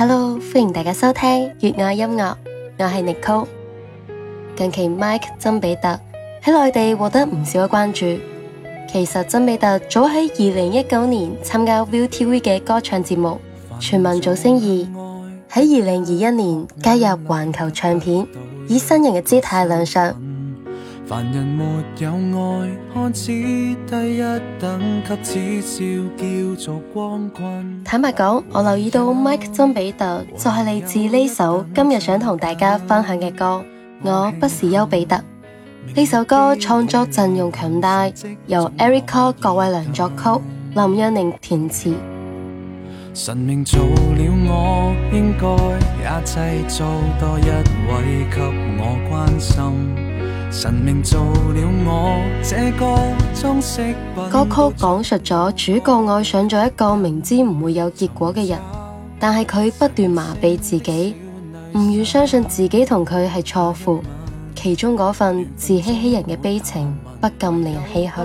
Hello，歡迎大家收聽粵愛音樂，我係 Nicole。近期 Mike 曾比特喺內地獲得唔少嘅關注。其實曾比特早喺二零一九年參加 ViuTV 嘅歌唱節目全民造星二，喺二零二一年加入環球唱片，以新人嘅姿態亮相。凡人沒有愛，看似低一等級，此笑叫做光棍。坦白講，我留意到 Mike 曾比特就係嚟自呢首今日想同大家分享嘅歌《我不是邱比特》天。呢首歌創作陣容強大，由 Eric 郭偉亮作曲，林若寧填詞。神明做了我，應該也製造多一位給我關心。歌曲講述咗主角愛上咗一個明知唔會有結果嘅人，但係佢不斷麻痹自己，唔願相信自己同佢係錯付，其中嗰份自欺欺人嘅悲情，不禁令人唏噓。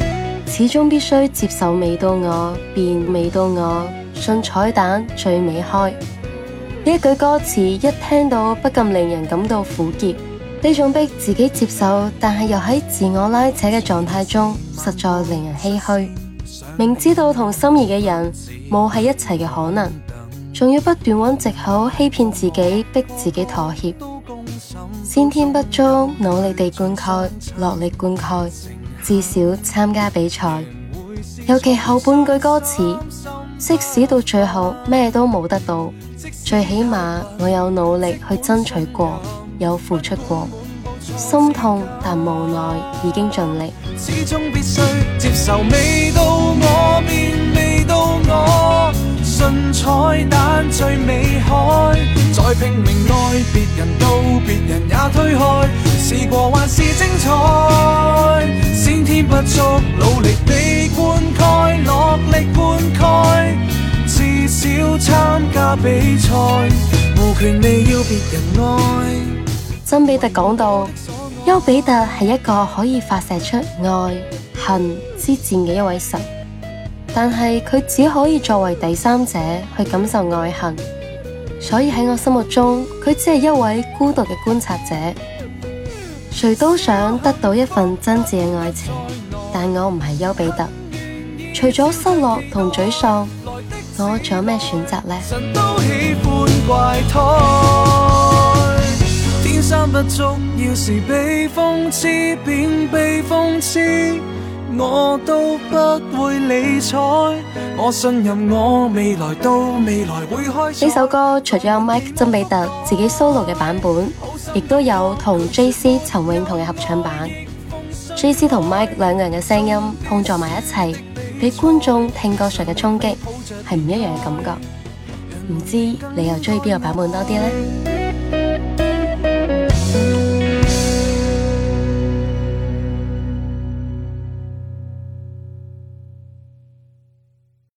始終必須接受，未到我便未到我，信彩蛋最尾開。呢一句歌詞一聽到，不禁令人感到苦澀。呢種逼自己接受，但係又喺自我拉扯嘅狀態中，實在令人唏噓。明知道同心儀嘅人冇喺一齊嘅可能，仲要不斷揾藉口欺騙自己，逼自己妥協。先天不足，努力地灌溉，落力灌溉。至少參加比賽，尤其後半句歌詞，即使到最後咩都冇得到，最起碼我有努力去爭取過，有付出過，心痛但無奈已經盡力。始終必需接受，未到我便沒到我，信彩蛋最尾開，在拼命愛別人到別人也推開，利要別人愛。曾比特講到，邱比特係一個可以發射出愛恨之箭嘅一位神，但係佢只可以作為第三者去感受愛恨，所以喺我心目中，佢只係一位孤獨嘅觀察者。誰都想得到一份真摯嘅愛情，但我唔係邱比特，除咗失落同沮喪。還什麼我仲有咩選擇呢？呢首歌除咗 Mike 曾比特自己 solo 嘅版本，亦都有同 J C 陳泳彤嘅合唱版。J C 同 Mike 兩個人嘅聲音碰撞埋一齊。俾觀眾聽覺上嘅衝擊係唔一樣嘅感覺，唔知你又中意邊個版本多啲呢？